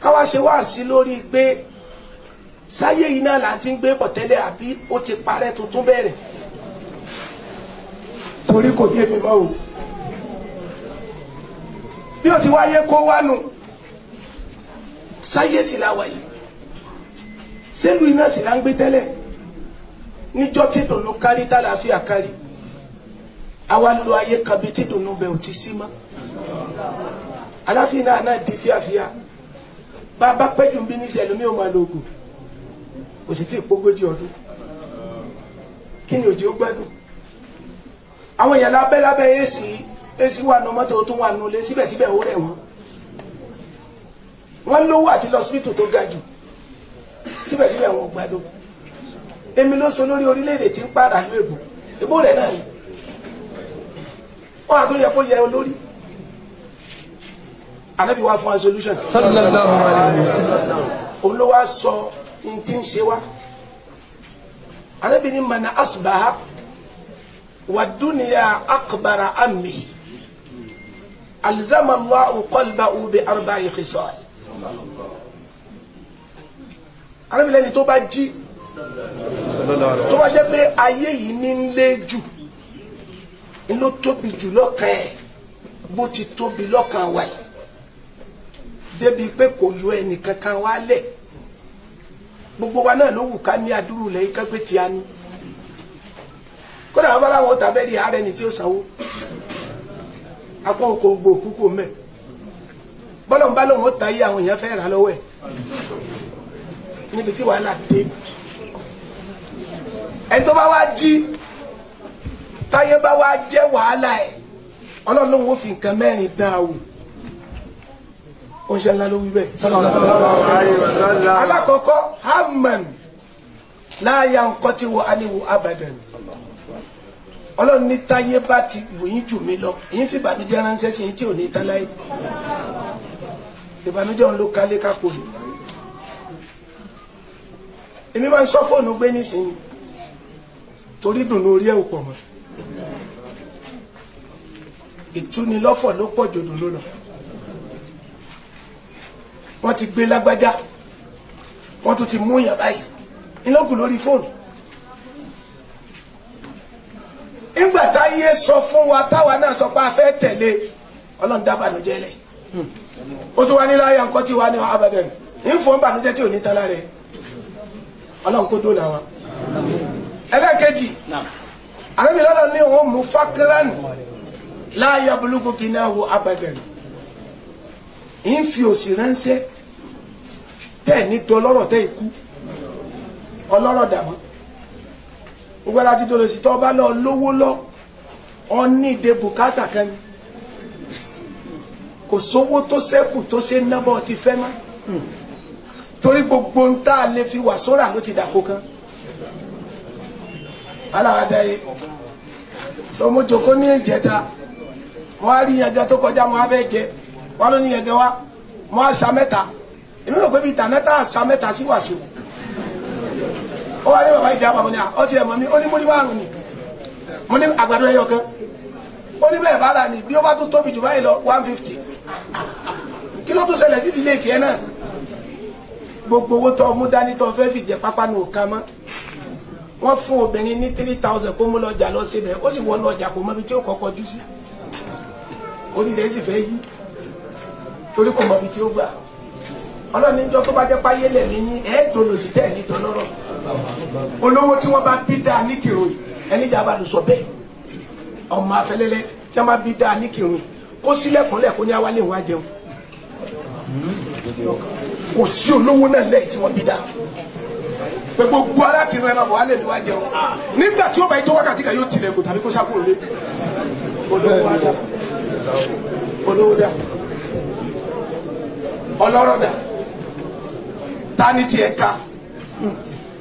káwá ṣe wá sí lórí gbé sáyé yìí náà là ń ti ń gbé bọ̀ tẹ́lẹ̀ àbí ó ti parẹ́ tuntun bẹ̀rẹ̀ torí kò yé mi mọ́ o bí o ti wáyé kó wánu sáyé sì la wà yìí sẹ́lu iná sì la ń gbé tẹ́lẹ̀ níjọ́ tí dùnú kárí tálàáfíà kárí àwa lo ayé kan bí tí dùnú bẹ̀ ò ti sí mọ́ aláfíà náà di fíafíà. Fia bàbá péjú ń bí ní sẹ́lẹ̀ mi ò máa kò sì tí ì pógójì ọdún kí ni òjì ó gbẹ́dùn àwọn èèyàn lábẹ́ lábẹ́ èsì èsì wà nù mọ́tò tó wà nù lé síbẹ̀síbẹ̀ ó rẹ̀ wọ́n wọ́n lówó àti lọ́sibítù tó ga jù síbẹ̀síbẹ̀ wọn ò gbádùn èmi ló so lórí orílẹ̀-èdè tí ń pààrà ìlú èbò èbó rẹ̀ náà ni wọ́n àtúnyẹ yẹ olórí anabi wa fún wa solution. sallallahu alayhi wa sallam. olówó sọ ntí ń ṣe wa anabi ni mana asbaha wa duniya akbara ami alizama allahu qalbahu bi arba'i khisal. anabi lẹni tó bá jí tó bá jẹ́ pé ayé yìí ní ń lé jù ń ló tóbi jù lọ́kàn ẹ̀ bó ti tóbi lọ́kàn wa débi pé kò yọ ẹnì kankan wálẹ̀ gbogbo wa náà ló wù ká ní adúrú lẹ́yìn kan pé tí a ní kódà wọn bá láwọn tàbẹ́rì ààrẹ ni tí ó sanwó apá oko gbò kúkú mẹ́ bọ́lá ń bá lóun ó ta iye àwọn èèyàn fẹ́ rà lọ́wọ́ ẹ̀ níbi tí wàhálà dé ẹni tó bá wá jí táyé bá wá jẹ́ wàhálà ẹ̀ ọlọ́run lòun ó fi nǹkan mẹ́rin dán a wò ó ń ṣe ńlá ló wí bẹ́ẹ̀. alákọ̀ọ́kọ́ hamman láàyà nǹkan tí wọ́n á ní wo abadan ọlọ́run ní táyé bá ti wòyìn jù mí lọ èyí fi ìbànújẹ́ ránṣẹ́ sí yín tí ò ní tán láyé ìbànújẹ́ òun ló kálé kápò lò èmi máa ń sọ fóònù gbé nísìnyí torí dùnú orí ẹ̀ ò pọ̀ mọ́ ìtúnilọ́fọ̀ ló pọ̀ jòdò ló wọ́n ti gbé lágbájá wọ́n tún ti mú yàn báyìí ìlọ́gùn lórí fóònù. nígbà táyé sọ fún wa táwa náà sọ pé a fẹ́ tẹ̀lé ọlọ́run dá tún wá nǹkan tí wà ní fún bànújẹ́ tí ò ní rẹ̀ ń fi òsì ránṣẹ́ tẹ́ ní tó ọlọ́rọ̀ tẹ́ ikú ọlọ́rọ̀ dàmọ́ gbogbo ara ti dolo sí tọ́ bá lọ lówó lọ ọ ní ìdè bùkátà kan kò sówó tó sẹ́kù tó ṣe ń nábọ̀ ti fẹ́ mọ́ torí gbogbo ń tá a lè fi wà sóra ló ti dàpọ̀ kan aláwàdáyé sọmọjòkó ní ìjẹta wọn á rí yanjẹ tó kọjá wọn á fẹ́ jẹ wọn ló ní yẹn gẹ wa mo àṣà mẹ́ta èmi rò pé bíi tànẹ́tà àṣà mẹ́ta sí wàṣọ ó wà ní bàbá ìjà bàbá ní à ó ti ẹ̀ mọ́ mi ó ní múlí márùn ni mo ní àgbàdo ẹyọ kan ó ní bẹ́ẹ̀ bá rà bí ó bá tún tóbi jù báyìí lọ one fifty kí ló tún ṣẹlẹ̀ sí ilé tiẹ̀ náà gbogbo owó tó mú dání tó fẹ́ fìjẹ́ pápá ní òkà mọ́ wọ́n fún obìnrin ní three thousand kó mú lọ́jà lọ síbẹ̀ ó sì wọ́n lọ́jà kó mọ́bi tí ó kọ́kọ́ jú sí onílẹ̀ sì fẹ́ yí torí kò mọ ibi tí ó gbà ọlọ́run níjọ́ tó bá jẹ́ páyé lẹ̀ níyín ẹ̀ẹ́dùn lòsì tẹ̀ ní dọlọ́rọ̀ olówó tí wọ́n bá bí dáa ní kìròyìn ẹni jà bá lò sọ bẹ́ẹ̀ ọmọ afẹ́lẹ́lẹ́ tí wọ́n bá bí dáa ní kìròyìn kó sílẹ̀kùnlẹ̀ kó ní awálé ìwà jẹun kò sí olówó náà lẹ́yìn tí wọ́n bí dáa pé gbogbo alákìrò ẹ̀ máa bọ̀ wálé ìwà jẹun nígbà tí ó bá yí tó wákàtí kan yóò tilẹ̀ kò tàbí kó sákòó lé olówó dá olówó dá ọlọ́rọ̀ tani ta ni tiẹ̀ ka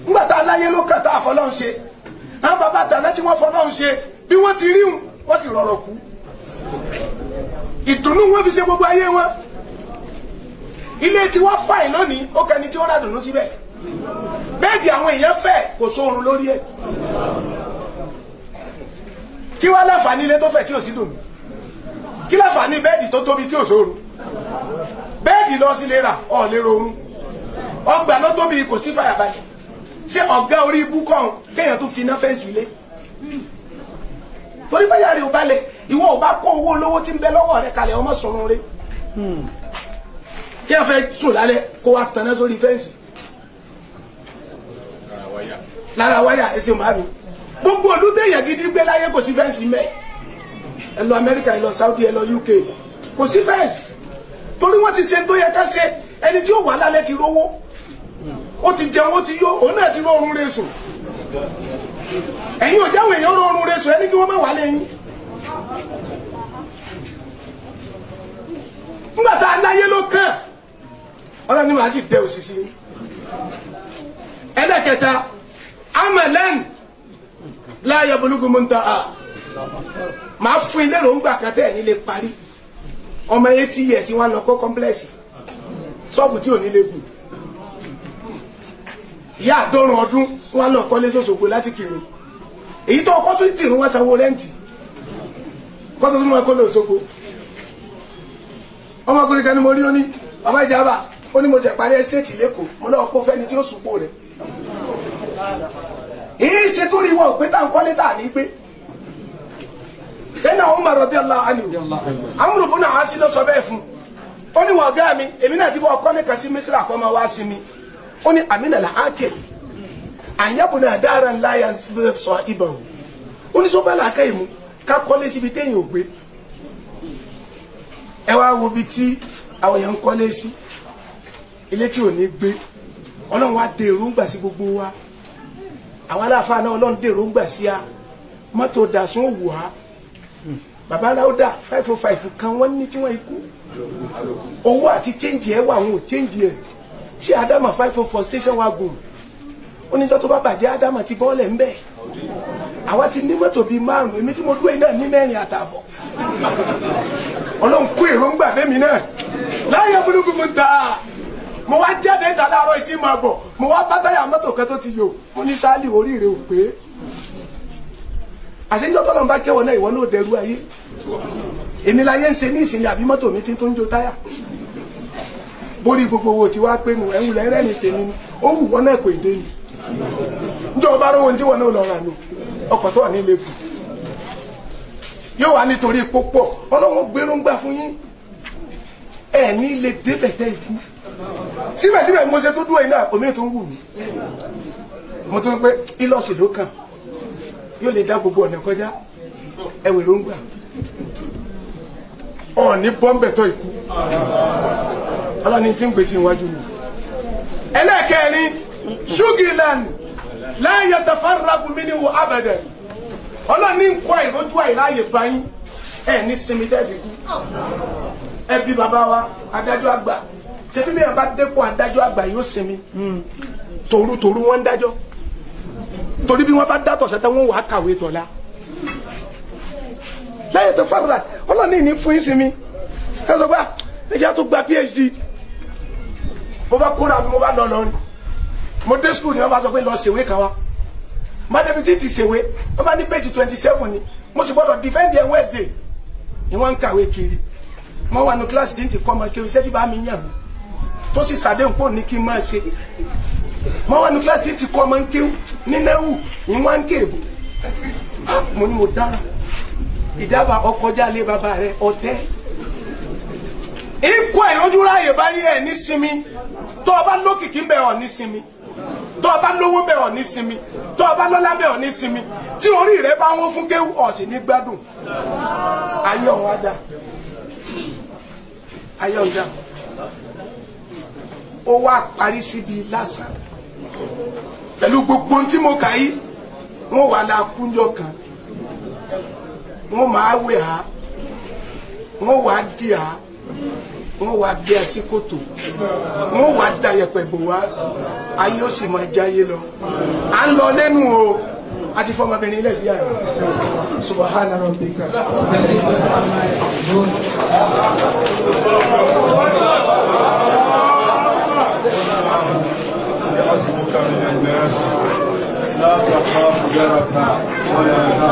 ńgbà tá a láyé ló kà tá a fọlọ́run ṣe àwọn bàbá tàná tí wọ́n fọlọ́run ṣe bí wọ́n ti ríhun wọ́n sì rọrọ̀ kú ìdùnnú wọn fi ṣe gbogbo ayé wọn ilé tí wọ́n fà yìí lónìí ó kẹni tí ó rà dùnú síbẹ̀ bẹ́ẹ̀dì àwọn èèyàn fẹ́ kò sóorun lórí ẹ̀ kí wàá láǹfààní ilé tó fẹ̀ tí ò sí dùnú kí láǹfààní bẹ́ẹ̀dì tó tóbi tí ò sóorun bẹ́ẹ̀dì lọ sí lera ọ̀ lérò oorun ọgbà lọ tóbi kò sí fàyàbalẹ̀ ṣé ọ̀gá orí ibú kàn kéèyàn tún fi iná fẹ́ǹsì ilé torí báyà rè ó balẹ̀ ìwọ ò bá kó owó olówó tí ń bẹ lọ́wọ́ rẹ kalẹ̀ ọmọ sọ̀rọ̀ rẹ hmm. kéèyàn fẹ́ sùn lálẹ́ kó wa tanná sórí fẹ́ǹsì lára wáyà ẹsẹ̀ máa mi gbogbo olùdéyàn gidi gbé láyé kò sí fẹ́ǹsì mẹ́ ẹ lọ Amẹ́ríkà ẹ lọ Saudi ẹ lọ UK kò sí fẹ́ǹsì torí wọ́n ti ṣe tó yẹ ká ṣe ẹni tí ó wà lálẹ́ ti rówó ó ti jẹun ó ti yó òun náà ti rọrùn rẹ sùn ẹ̀yin ò jáwé èèyàn rọrùn rẹ sùn ẹni kí wọ́n má wà lẹ́yìn. nígbà tá a láyé ló kàn ọlọ́run ni màá sì dẹ òṣìṣì ẹlẹ́kẹta amẹ́lẹ́n láàyè bolúkú mọ́ta màá fún ilé lòún gbà kan tẹ́ ẹ̀yin lè parí ọmọ eighty years wọn lọ kọ́ kọ́mplẹ́sì ṣọ́ọ̀bù tí ò ní lè kù ìyá àdọ́rùn ọdún wọn lọ kọ́lé sọ̀sọ̀gbò láti kírun èyí tó kọ́ sóyún tìrún wọn sanwó rẹ́ǹtì kọ́tọ́ tó máa kọ́lé Òṣogbo ọmọkùnrin kan ni mo rí ó ní bàbá ìjàmbá ó ní mo ṣe parí ẹ́stéètì lẹ́kọ̀ọ́ mo lọ́ọ́ kó fẹ́ni tí ó sùpò rẹ̀ èyí ṣe tó rí wọn ò pé tá à ń kọ́lé tá à ní gbé bẹ́ẹ̀ni Umar radiyallahu anhu Amru ibn As na sọ bẹ́ẹ̀ fún ó ní wọ̀gá mi èmi náà ti ọkọ ní kasi Misra kọ́ mi ní amina la ake àyàbùnà dára ńlá yà sọ ibàn ó ní sọ́bà làákà yìí mu ká kọ́lé síbi bi tí àwọn ń kọ́lé sí ilé tí ò ní gbé ọlọ́run wá dé gbogbo wa àwọn náà ọlọ́run dé èròǹgbà sí a mọ́tò dàsún bàbá ráúdà five oh five kan wọ́n ní tí wọ́n ikú owó àti chẹ́ǹjì ẹ̀ wà wọn ò chẹ́ǹjì ẹ̀ ṣé adama five oh four station wagon onítọ́ tó bá bàjẹ́ adama ti bọ́ọ̀lẹ̀ ń bẹ̀ àwa ti ní mọ́tò bíi márùn-ún èmi tí mo dúró yìí náà ní mẹ́rin àtààbọ̀ ọlọ́run kó èròǹgbà bẹ́mi náà láyé burúkú mu ta mo wá jáde ìta láàárọ̀ ìtì máa bọ̀ mo wá bá táyà mọ́tò kan tó ti yò mo ní sáálì oríire ò pé àṣejọ tọ́lọ́ bá kẹwọ́ náà ìwọ náà dẹrú ayé èmi la yé ń ṣe ní ìsinmi àbí mọ́tò mi ti tó ń jó táyà bórí gbogbo owó tí wàá pé nu ẹ̀hún lẹ́rẹ́ ni tèmi ni ó wù wọ́n náà kò dé ni njọ́ bá rówó tí wọ́n náà lọ́ọ́ rà lò ọkọ̀ tó wà ní ilé kù yóò wá nítorí púpọ̀ ọlọ́run gbérúngbà fún yín ẹ̀ ní lè débẹ̀ tẹ́ ikú síbẹ̀síbẹ̀ mo ṣe tó dúró yìí náà omi tó ń wù mí mo tún pé ìlọsì ló kàn yóò lè dá gbogbo ọ̀nà kọjá ẹ̀wẹ̀ ló ń gbà ọ̀ọ́ni bọ́m̀bẹ̀tọ̀ ikú aláni tí ń gbèsè iwájú mi ẹlẹ́kẹ̀ẹ́rin ṣúgìlán láàyè tẹfáragùn mi ni wò abẹ̀dẹ̀ ọlọ́ni ń kọ́ ìrójú àìláyè báyìí ẹ̀ ní sinmi dẹ́bi kú ẹbí bàbá wa adájọ́ àgbà ṣebí mi àbá dépò adájọ́ àgbà yóò sinmi hmm. tòrútòrú wọn dájọ́ torí bí wọ́n bá dá tọ̀sẹ̀ tẹ́ wọ́n wà á kàwé tọ̀la lẹ́yìn tó fara ọlọ́ni ní fún yín sinmi ẹ sọ ah, tó gba phd mo bá kóra mo bá lọ lọ mo dé skul ni wọ́n bá sọ pé lọ ṣèwé kan wa má débi tí ti ṣèwé wọ́n bá ní page twenty seven ni mo sì gbọ́dọ̀ defend ẹ̀ wednesday ni wọ́n ń kàwé kiri mo wà ní kíláàsì tí n ti kọ́ ọmọ kiri iṣẹ́ tí bá mi yàn mí tó sì ṣàdéhùn pò ní kí n máa ṣe mo wà ní kíláàsì tí kọ́ máa ń kéwù nínáwù ìwọ̀n ń kéèbù mo ní mo dára ìjábà ọkọjá lé bàbá rẹ ọtẹ ikú ìrójú ráàyè báyé ẹ nísinmi tó o bá lókìkí bẹ̀ ọ́ nísinmi tó o bá lówó bẹ̀ ọ́ nísinmi tó o bá lọ́lá bẹ̀ ọ́ nísinmi tí orí rẹ bá wọ́n fún kéwù ó sì ní gbádùn ayé ọ̀hún á dá ayé ọ̀hún dá ó wá parí síbi lásán pẹ̀lú gbogbo tí mo kà yí wọ́n wà láà kúnjọ kan wọ́n máa wẹ̀ ha wọ́n wà á di ha wọ́n wà á gbé ẹ sí kòtò wọ́n wà á da yẹ̀pẹ̀ bò wá ayé ó sì máa jáyé lọ à ń lọ lẹ́nu o a ti fọmọ bẹni ilé ìyá rẹ subahana rabbika. Thank you. من الناس لا تخاف جرفا ولا تعب